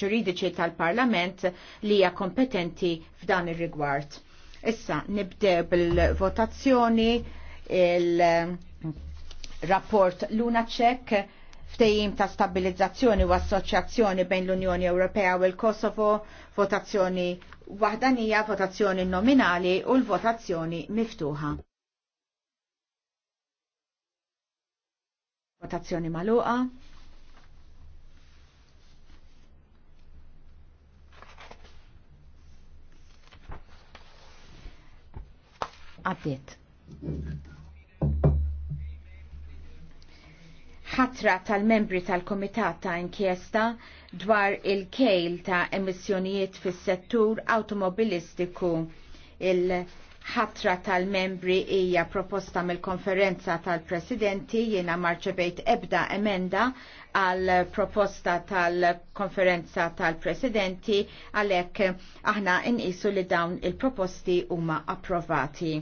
ġuridiċi tal-Parlament li hija kompetenti f'dan ir-rigward. Issa nibdew bil-votazzjoni il-rapport Lunacek f'tejjim ta' stabilizzazzjoni u assoċjazzjoni bejn l-Unjoni Ewropea u l-Kosovo, votazzjoni waħdanija, votazzjoni nominali u l-votazzjoni miftuħa. Votazzjoni maluqa. għaddiet. ħatra tal-membri tal-Komitat ta' inkjesta dwar il-kejl ta' emissjonijiet fis-settur automobilistiku il- ħatra tal-membri hija proposta mill-konferenza tal-presidenti jiena marċebejt ebda emenda għal proposta tal-konferenza tal-presidenti għalhekk aħna inqisu li dawn il-proposti huma approvati.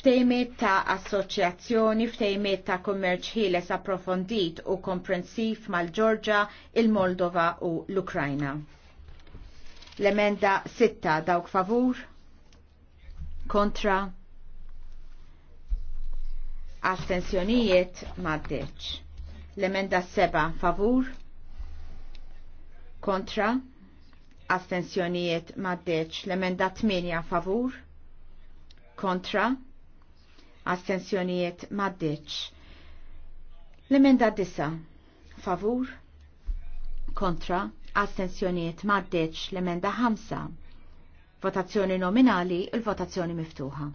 Ftejmiet ta' assoċjazzjoni, ftejmiet ta' kummerċ ħieles approfondit u komprensiv mal-Ġorġa, il-Moldova u l-Ukrajna. L-emenda 6 dawk favur? kontra astensjonijiet maddeċ. L-emenda 7 favur kontra astensjonijiet maddeċ. L-emenda 8 favur kontra astensjonijiet maddeċ. L-emenda 9 favur kontra astensjonijiet maddeċ. L-emenda 5 Votazzjoni nominali, il-votazzjoni miftuħa.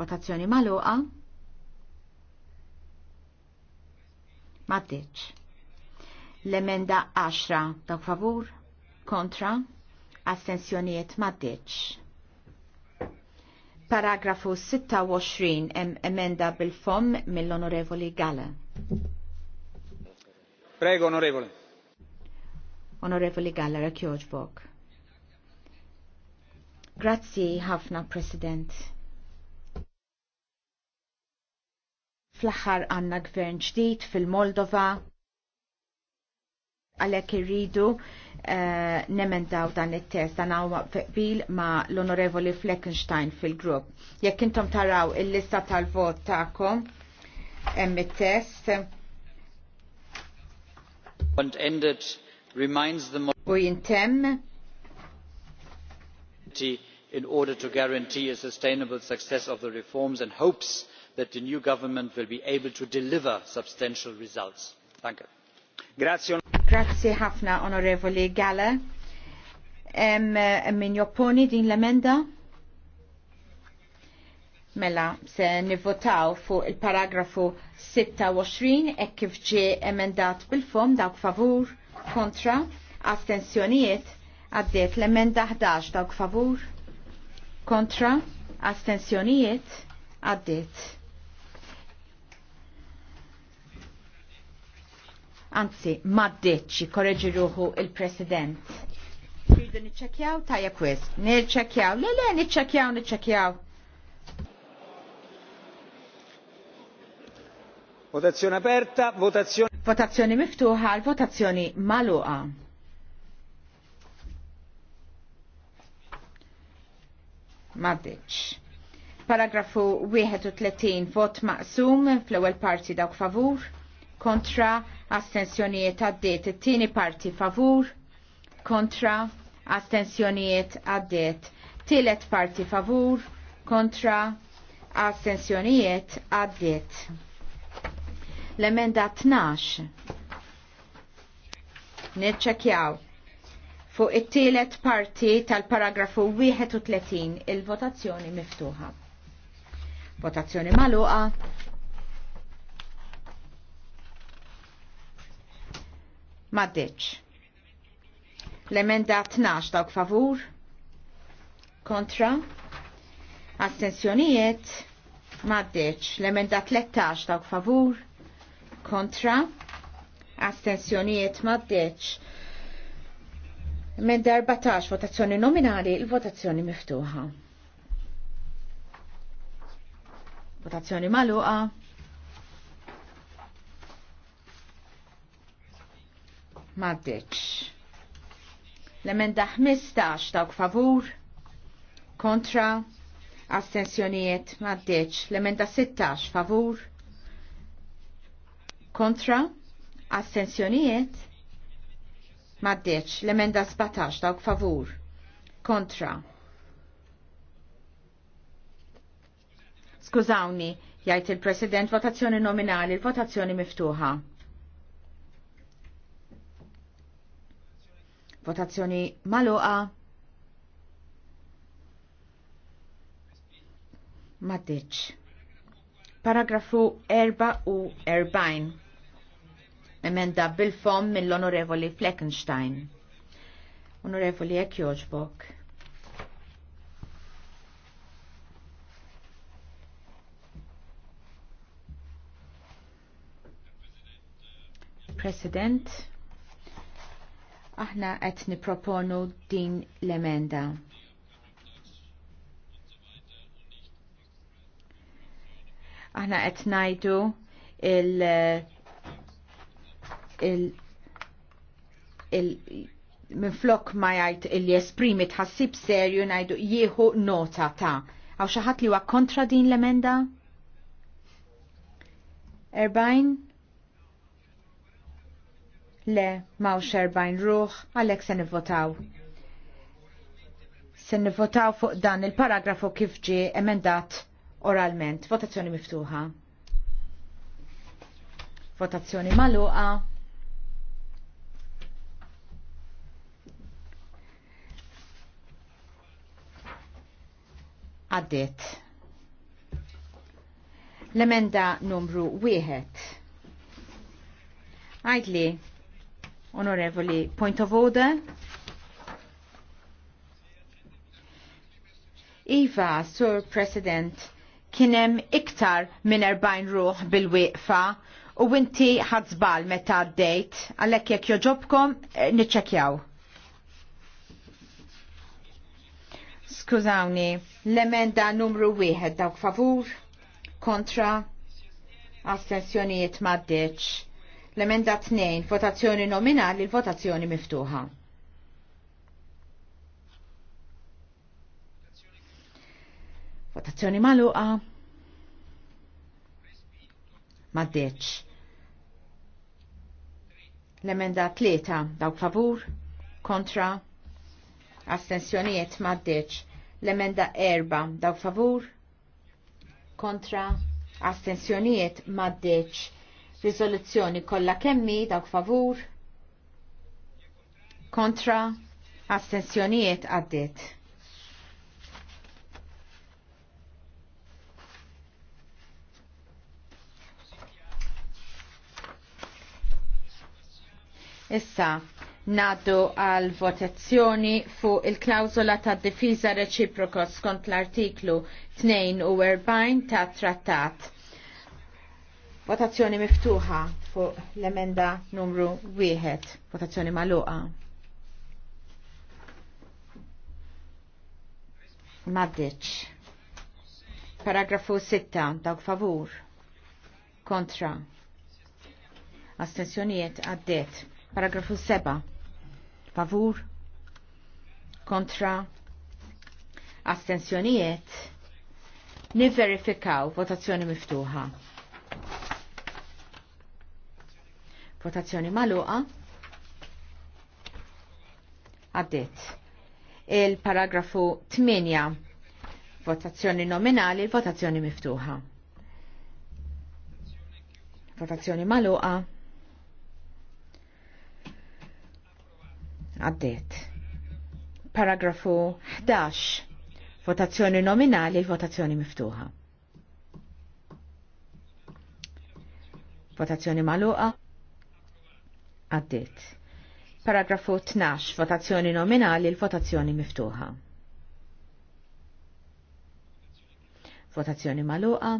Votazzjoni maluqa. Maddiċ. L-emenda 10 ta' favur, kontra, astensjonijiet maddiċ. Paragrafu 26 em emenda bil-fom mill-Onorevoli Gale. Prego, onorevole. Onorevoli Gallara Kjoġbok. Grazzi ħafna, President. Fl-aħħar għanna gvern ġdid fil-Moldova, għalek irridu uh, nemendaw dan il-test dan għawma bil ma l-onorevoli Fleckenstein fil-grupp. Jekk intom taraw il-lista tal-vot ta'kom, hemm it-test, U jintemm in order to guarantee a sustainable success of the reforms and hopes that the new government will be able to deliver substantial results. Grazie ħafna onorevoli Gala. Em, min jopponi din l-emenda? Mela, se nivvotaw fuq il-paragrafu 26 ek kif ġie emendat bil-fom dawk favur, kontra, astensjonijiet, għaddiet l-emenda 11 dawk favur, kontra, astensjonijiet, għaddiet. Anzi, maddeċi, korreġi ruħu il-president. Tridu niċċekjaw, tajja kwez. Niċċekjaw, le le, niċċekjaw, niċċekjaw. Votazzjoni aperta, votazzjoni. Votazzjoni miftuħa, votazzjoni maluqa. Maddiċ. Paragrafu 31, vot maqsum, fl-ewel parti dawk favur, kontra, astensjonijiet għaddiet, it-tieni parti favur, kontra, astensjonijiet għaddiet, tielet parti favur, kontra, astensjonijiet għaddiet. L-emenda 12. Nirċekjaw. Fuq it-tielet parti tal-paragrafu 31 il-votazzjoni miftuħa. Votazzjoni maluqa. Maddeċ. L-emenda 12 dawk favur. Kontra. Astensjonijiet. Maddeċ. L-emenda 13 dawk favur kontra astensjonijiet maddeċ. Minn darbatax votazzjoni nominali il-votazzjoni miftuħa. Votazzjoni maluqa. Maddeċ. L-emenda 15 dawk favur, kontra, astensjonijiet maddeċ. L-emenda 16 favur, kontra, astensjonijiet, maddeċ, l-emenda 17 dawk favur, kontra. Skużawni, jgħid il-President votazzjoni nominali, votazzjoni miftuħa. Votazzjoni maluqa. Maddeċ. Paragrafu u 44. Emenda bil-fom mill-Onorevoli Fleckenstein. Onorevoli Ek Joġbok. President, aħna qed niproponu din l-emenda. Aħna qed ngħidu il il il minn flok ma jgħid il jesprimi tħassib serju ngħidu jieħu nota ta' għaw xi ħadd li huwa kontra din l-emenda? Erbajn? Le, mawx erbajn ruħ, għalhekk se nivvotaw se nivvotaw fuq dan il-paragrafu kif ġie emendat oralment. Votazzjoni miftuħa. Votazzjoni maluqa. Għaddit. L-emenda numru 1. Għajdli, onorevoli, point of order. Iva, Sir President, kienem iktar minn 40 ruħ bil-wieqfa u inti ħadżbal meta għaddejt għalhekk jekk joġobkom eh, niċċekjaw. Skużawni, l-emenda numru wieħed dawk favur, kontra, astensjonijiet maddeċ. L-emenda 2, votazzjoni nominali, votazzjoni miftuħa. Votazzjoni maluqa. deċ. L-emenda tlieta dawk favur, kontra, astensjonijiet deċ. L-emenda erba dawk favur, kontra, astensjonijiet deċ. Rizoluzzjoni kollha kemmi dawk favur, kontra, astensjonijiet għaddit. Issa, naddu għal votazzjoni fuq il-klawzola ta' difiża reċiproko skont l-artiklu 42 ta' trattat. Votazzjoni miftuħa fuq l-emenda numru 1. Votazzjoni maluqa. Maddiċ. Paragrafu 6. Dawk favur. Kontra. Astensjonijiet għaddiet. Paragrafu 7. Favur. Kontra. Astensjonijiet. Niverifikaw votazzjoni miftuħa. Votazzjoni maluqa. Għaddit. Il-paragrafu 8. Votazzjoni nominali, votazzjoni miftuħa. Votazzjoni maluqa. Għaddiet. Paragrafu 11. Votazzjoni nominali, votazzjoni miftuħa. Votazzjoni maluqa. Għaddiet. Paragrafu 12. Votazzjoni nominali, votazzjoni miftuħa. Votazzjoni maluqa.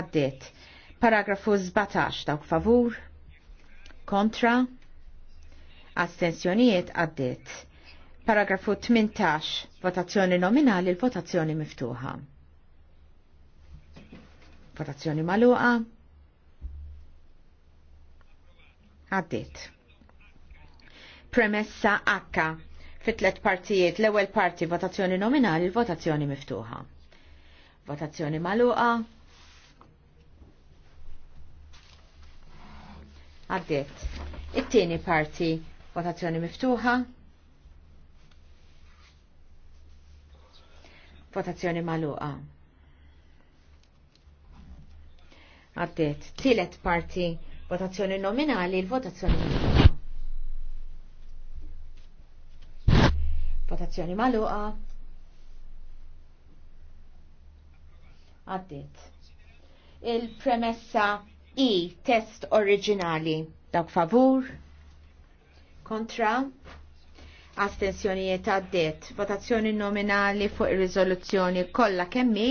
Għaddiet. Paragrafu 17. Dawk favur kontra, astensjonijiet għaddit. Paragrafu 18, votazzjoni nominali, l-votazzjoni miftuħa. Votazzjoni maluqa. Għaddit. Premessa H. Fit tlet partijiet, l-ewwel parti votazzjoni nominali, l-votazzjoni miftuħa. Votazzjoni maluqa. Għaddiet. It-tieni parti votazzjoni miftuħa. Votazzjoni maluqa. Għaddiet. Tielet parti votazzjoni nominali, il-votazzjoni miftuħa. Votazzjoni maluqa. Għaddiet. Il-premessa I test oriġinali dawk favur kontra astensjonijiet għaddiet votazzjoni nominali fuq ir-riżoluzzjoni kollha kemmi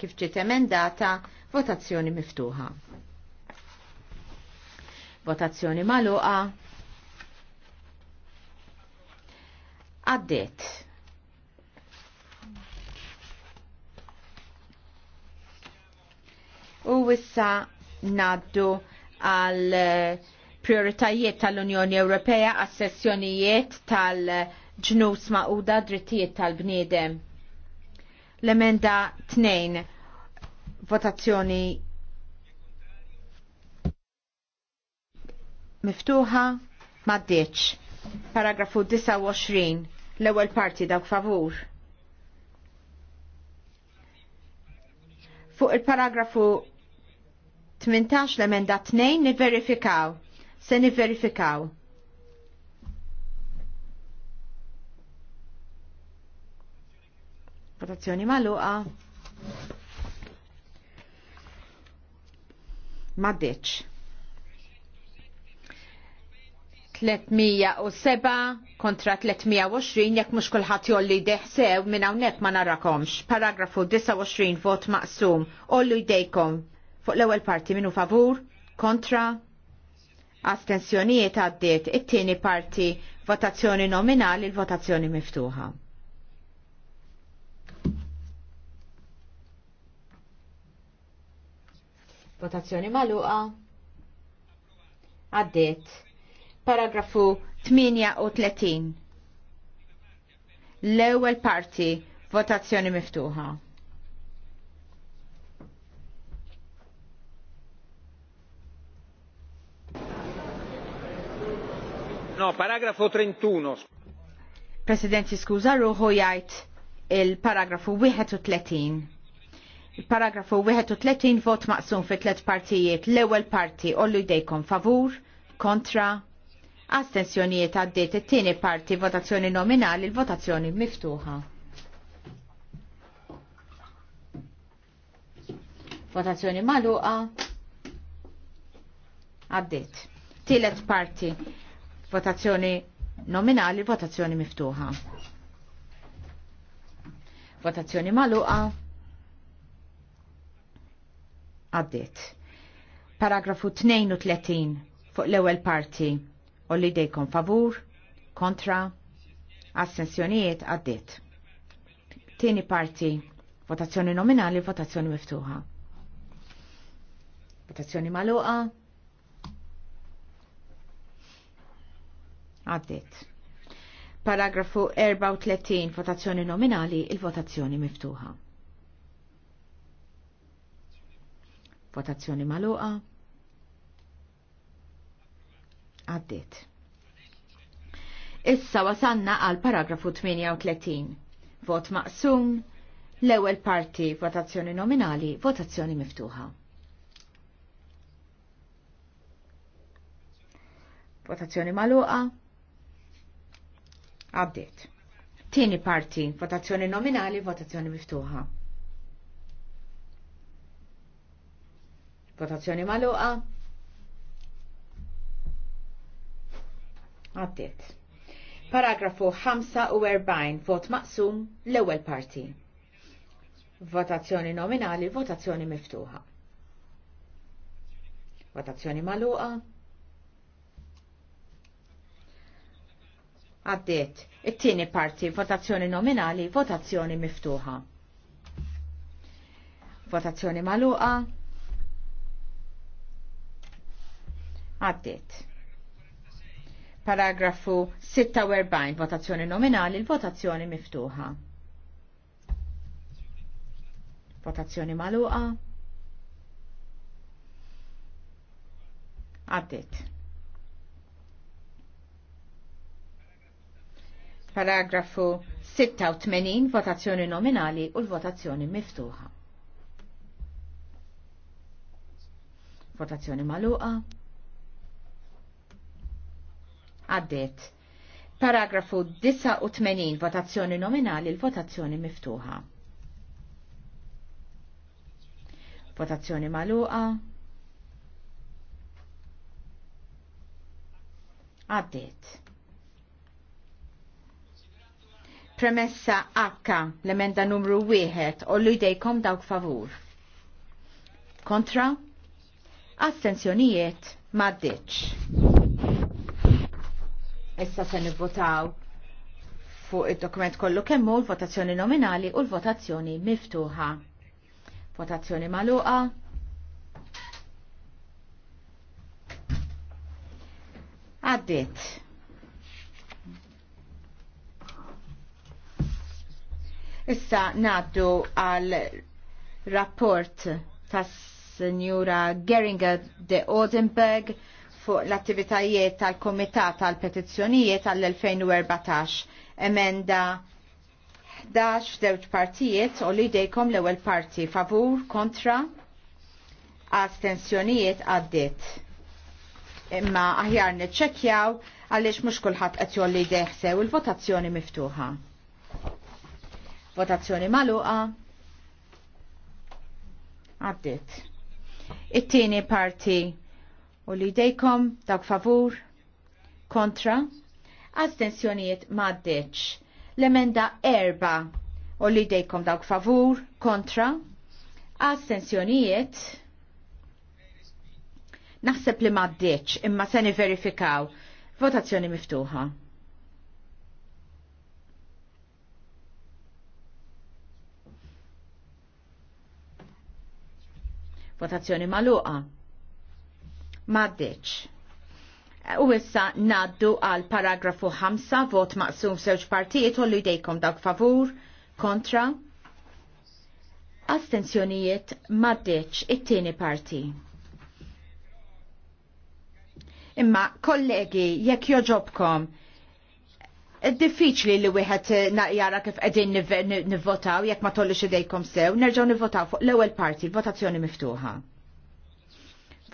kif ġiet emendata votazzjoni miftuħa. Votazzjoni maluqa għaddiet. U wissa naddu għal eh, prioritajiet tal-Unjoni Ewropea għas sessjonijiet tal-ġnus maquda drittijiet tal-bniedem. L-emenda 2 votazzjoni miftuħa maddeċ. Paragrafu 29 l-ewwel parti dawk favur. Fuq il-paragrafu 18 l-emenda 2 niverifikaw. Se niverifikaw. Votazzjoni maluqa. ditx. 307 kontra 320 jekk mhux kulħadd jolli deħsew minn hawnhekk ma narakomx. Paragrafu 29 vot maqsum. Ollu jdejkom Fuq l-ewwel parti minu favur, kontra, astensjonijiet għaddiet. It-tieni parti votazzjoni nominali, il-votazzjoni miftuħa. Votazzjoni maluqa. Għaddiet. Paragrafu 38. L-ewwel parti votazzjoni miftuħa. no, paragrafu 31. President jiskuża ruħu jgħid il-paragrafu 31. Il-paragrafu 31 vot maqsum fi tliet partijiet. L-ewwel parti ollu jdejkom favur, kontra, astensjonijiet għaddiet it-tieni parti votazzjoni nominali, l votazzjoni miftuħa. Votazzjoni maluqa għaddiet. Tielet parti Votazzjoni nominali, votazzjoni miftuħa. Votazzjoni maluqa. Għaddit. Paragrafu 32 fuq l-ewwel parti. Olli dejkom favur, kontra, assenzjonijiet għaddit. Tieni parti, votazzjoni nominali, votazzjoni miftuħa. Votazzjoni maluqa. Għaddit. Paragrafu 34, votazzjoni nominali, il-votazzjoni miftuħa. Votazzjoni maluqa. Għaddit. Issa wasanna għal paragrafu 38. Vot maqsum, l-ewel parti, votazzjoni nominali, votazzjoni miftuħa. Votazzjoni maluqa. Għabdiet. Tieni parti, votazzjoni nominali, votazzjoni miftuħa. Votazzjoni maluqa. Għabdiet. Paragrafu 45, vot maqsum, l-ewwel parti. Votazzjoni nominali, votazzjoni miftuħa. Votazzjoni maluqa. Għaddiet. It-tieni parti, votazzjoni nominali, votazzjoni miftuħa. Votazzjoni maluqa. Għaddiet. Paragrafu 46, votazzjoni nominali, votazzjoni miftuħa. Votazzjoni maluqa. Għaddiet. paragrafu 86 votazzjoni nominali u l-votazzjoni miftuħa. Votazzjoni maluqa. Għaddit. Paragrafu 89 votazzjoni nominali l-votazzjoni miftuħa. Votazzjoni maluqa. Għaddit. Premessa H, l-emenda numru 1, u l-idejkom dawk favur. Kontra? Astenzjonijiet maddiċ. Issa se nivvotaw fuq id-dokument kollu kemmu l-votazzjoni nominali u l-votazzjoni miftuħa. Votazzjoni maluqa. Għaddit. Issa naddu għal rapport tas Signora Geringer de Odenberg fuq l-attivitajiet tal-Komitat tal-Petizzjonijiet tal-2014. Emenda 11 f'dewġ partijiet u li dejkom l-ewwel parti favur kontra astensjonijiet għaddit. Imma aħjar niċċekkjaw għaliex mhux kulħadd qed jolli deħsew il-votazzjoni miftuħa. Votazzjoni maluqa. Għaddit. It-tieni parti u li dejkom dawk favur kontra astensjonijiet maddeċ. L-emenda erba u li dejkom dawk favur kontra astensjonijiet naħseb li maddeċ imma se verifikaw. Votazzjoni miftuħa. Votazzjoni maluqa. Maddeċ. U issa naddu għal paragrafu 5, vot maqsum sewġ partijiet, u jdejkom dawk favur, kontra. Astenzjonijiet maddeċ it-tieni parti. Imma kollegi, jekk joġobkom, diffiċli li wieħed jara kif qegħdin nivvotaw jekk ma tollux idejkom sew, nerġgħu nivvotaw fuq l-ewwel parti, votazzjoni miftuħa.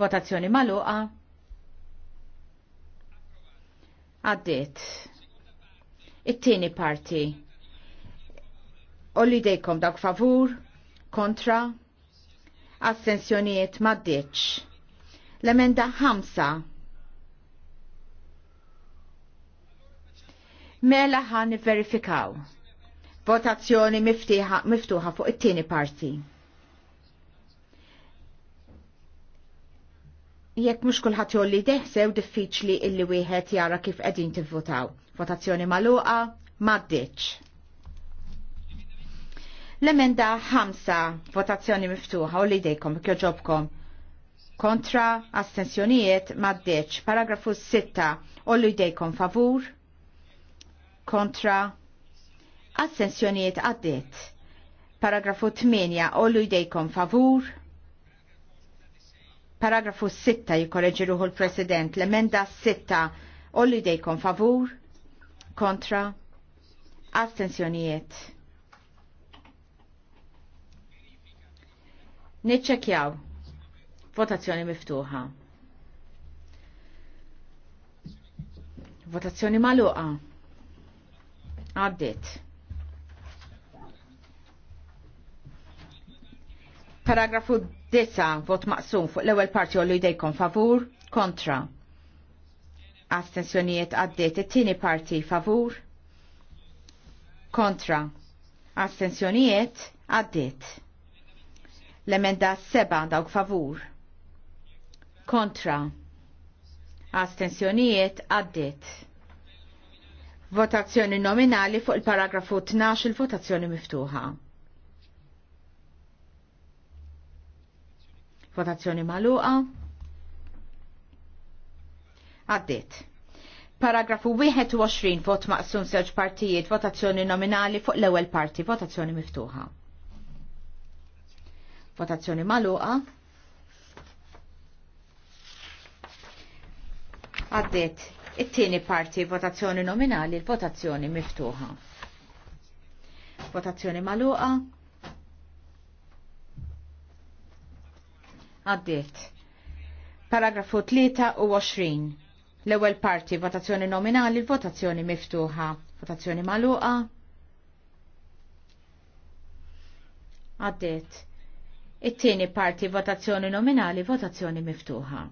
Votazzjoni magħluqa. Għaddiet. It-tieni parti. Olli dejkom dawk favur, kontra, astensjonijiet maddiċ. L-emenda ħamsa. Mela ħan verifikaw. Votazzjoni miftuħa fuq it-tieni parti. Jekk mhux kulħadd jolli deħsew diffiċli illi wieħed jara kif qegħdin tivvotaw. Votazzjoni magħluqa m'għaddiċ. L-emenda 5, votazzjoni miftuħa u li dejkom kjoġobkom. Kontra, astensjonijiet, maddeċ, paragrafu 6, u li dejkom favur, kontra assenzjoniet għaddit. Paragrafu 8 ollu jdejkom favur. Paragrafu 6 jikorreġiruħu l-President. L-emenda 6 ollu jdejkom favur. Kontra assenzjoniet. Niċċekjaw. Votazzjoni miftuħa. Votazzjoni maluqa. Għaddit. Paragrafu 9, vot maqsum fuq l-ewwel parti u jdejkom favur, kontra. Astensjonijiet għaddit, it-tieni parti favur, kontra. Astensjonijiet għaddit. L-emenda 7 dawk favur, kontra. Astensjonijiet għaddit. Votazzjoni nominali fuq il-paragrafu 12 il-votazzjoni miftuħa. Votazzjoni maluqa. Għaddit. Paragrafu 21 vot maqsum sewġ partijiet votazzjoni nominali fuq l-ewwel parti votazzjoni miftuħa. Votazzjoni maluqa. Għaddit It-tieni parti votazzjoni nominali, l-votazzjoni miftuħa. Votazzjoni maluqa. Għaddiet. Paragrafu 23. L-ewwel parti votazzjoni nominali, l-votazzjoni miftuħa. Votazzjoni maluqa. Għaddiet. It-tieni parti votazzjoni nominali, votazzjoni miftuħa.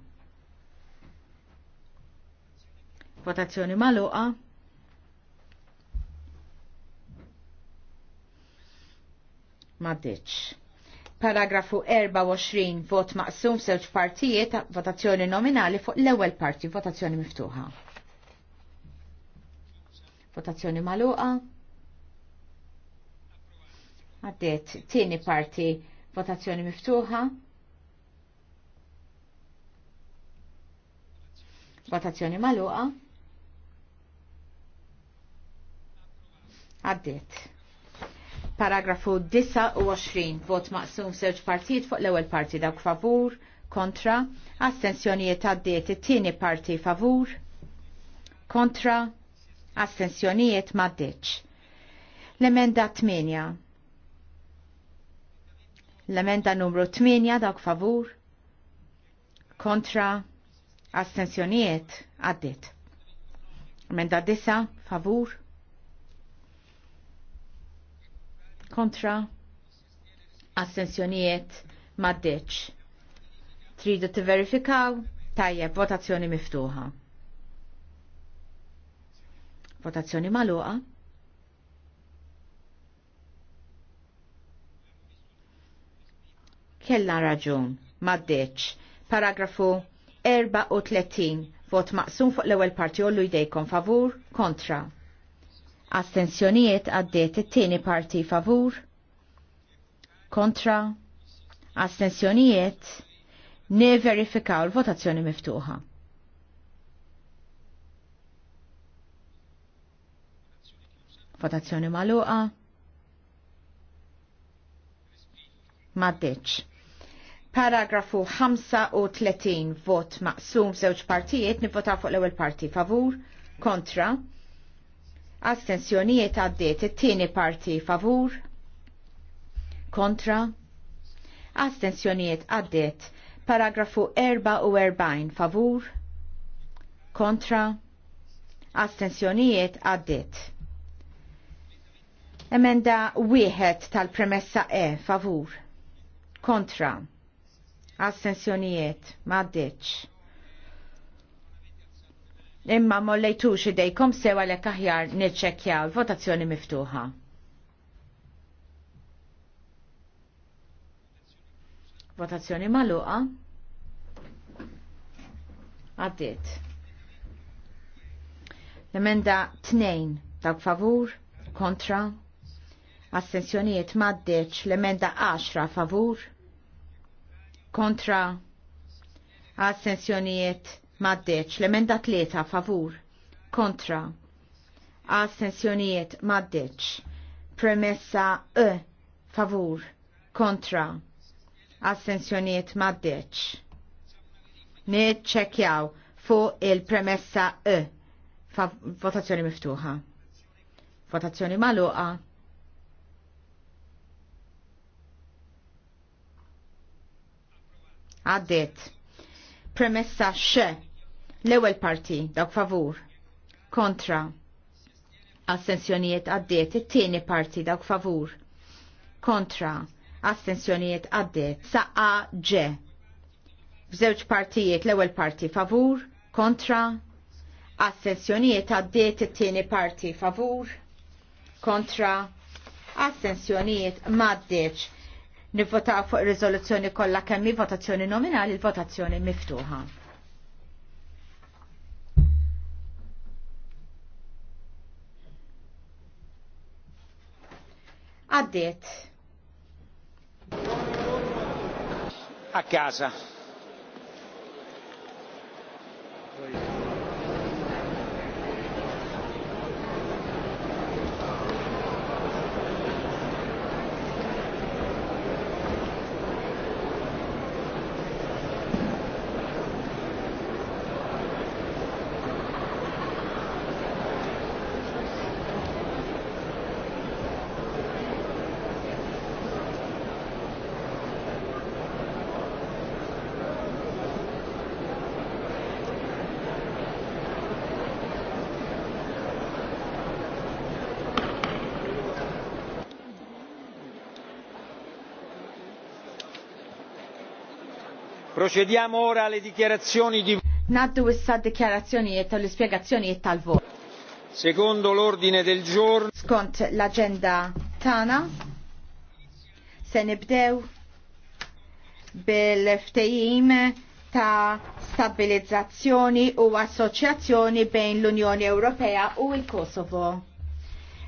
Votazzjoni maluqa. ditx. Paragrafu 24 vot maqsum f'żewġ partijiet votazzjoni nominali fuq l-ewwel parti votazzjoni miftuħa. Votazzjoni maluqa. Għaddiet tieni parti votazzjoni miftuħa. Votazzjoni maluqa. Għaddiet. Paragrafu 29, vot maqsum żewġ partijiet fuq l-ewwel parti dawk favur, kontra, astensjonijiet għaddiet it-tieni parti favur, kontra, astensjonijiet maddiċ. L-emenda 8. L-emenda numru 8 dawk favur, kontra, astensjonijiet għaddiet. Emenda 9 favur, kontra assenzjonijiet maddeċ. Tridu t-verifikaw, tajjeb, votazzjoni miftuħa. Votazzjoni maluqa. Kella raġun, maddeċ. Paragrafu 34, vot maqsum fuq l-ewel parti u jdejkom favur, kontra. Astenzjonijiet għaddiet it-tieni parti favur. Kontra. Astenzjonijiet neverifikaw l-votazzjoni miftuħa. Votazzjoni maluqa. Maddeċ. Paragrafu 35 vot maqsum żewġ partijiet nivvotaw fuq l-ewwel parti favur, kontra, Astensjonijiet għaddiet it-tieni parti favur. Kontra. Astensjonijiet għaddiet paragrafu 44 favur. Kontra. Astensjonijiet għaddiet. Emenda wieħed tal-premessa E favur. Kontra. Astensjonijiet ma' Imma mollejtux idejkom sewa lek aħjar nirċekjaw votazzjoni miftuħa. Votazzjoni maluqa. Għaddit. L-emenda t-nejn dawk favur, kontra, assenzjonijiet maddeċ, l-emenda 10 favur, kontra, astensjonijiet maddeċ, l-emenda tlieta favur, kontra, astensjonijiet maddeċ, premessa e, favur, kontra, assenzjonijiet maddeċ. Niċċekjaw fuq il-premessa E. Votazzjoni miftuħa. Votazzjoni maluqa. Għaddit. Premessa xe. L-ewwel parti dawk favur kontra assenzjonijiet għaddiet, it-tieni parti dawk favur kontra assenzjonijiet għaddiet, saqqa ġe. F'żewġ partijiet l-ewwel parti favur kontra assenzjonijiet għaddiet it-tieni parti favur kontra assenzjonijiet maddeċ nivvotaw fuq il riżoluzzjoni kollha kemm votazzjoni nominali, il-votazzjoni miftuħa. Għaddiet. A casa. Procediamo ora alle dichiarazioni di Naddu issa e tal spiegazioni e tal voto. Secondo l'ordine del giorno. Skont l'agenda tana, se nibdew bil-ftejim ta' stabilizzazzjoni u assoċjazzjoni bejn l-Unjoni Ewropea u l-Kosovo.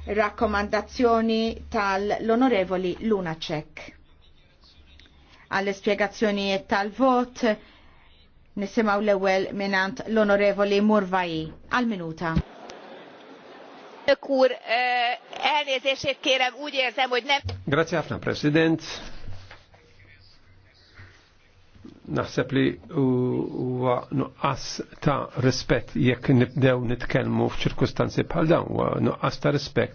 Rakkomandazzjoni tal-Onorevoli Lunacek għall-espiegazzjonijiet tal-vot. Nisimaw l-ewel minant l-onorevoli Murvaji. Għal-minuta. Kur, elnézését kérem, úgy érzem, hogy nem... Grazie, Afna, President. Naħseb li huwa nuqqas ta' rispett jekk nibdew nitkellmu f'ċirkustanzi bħal dawn, huwa nuqqas ta' rispett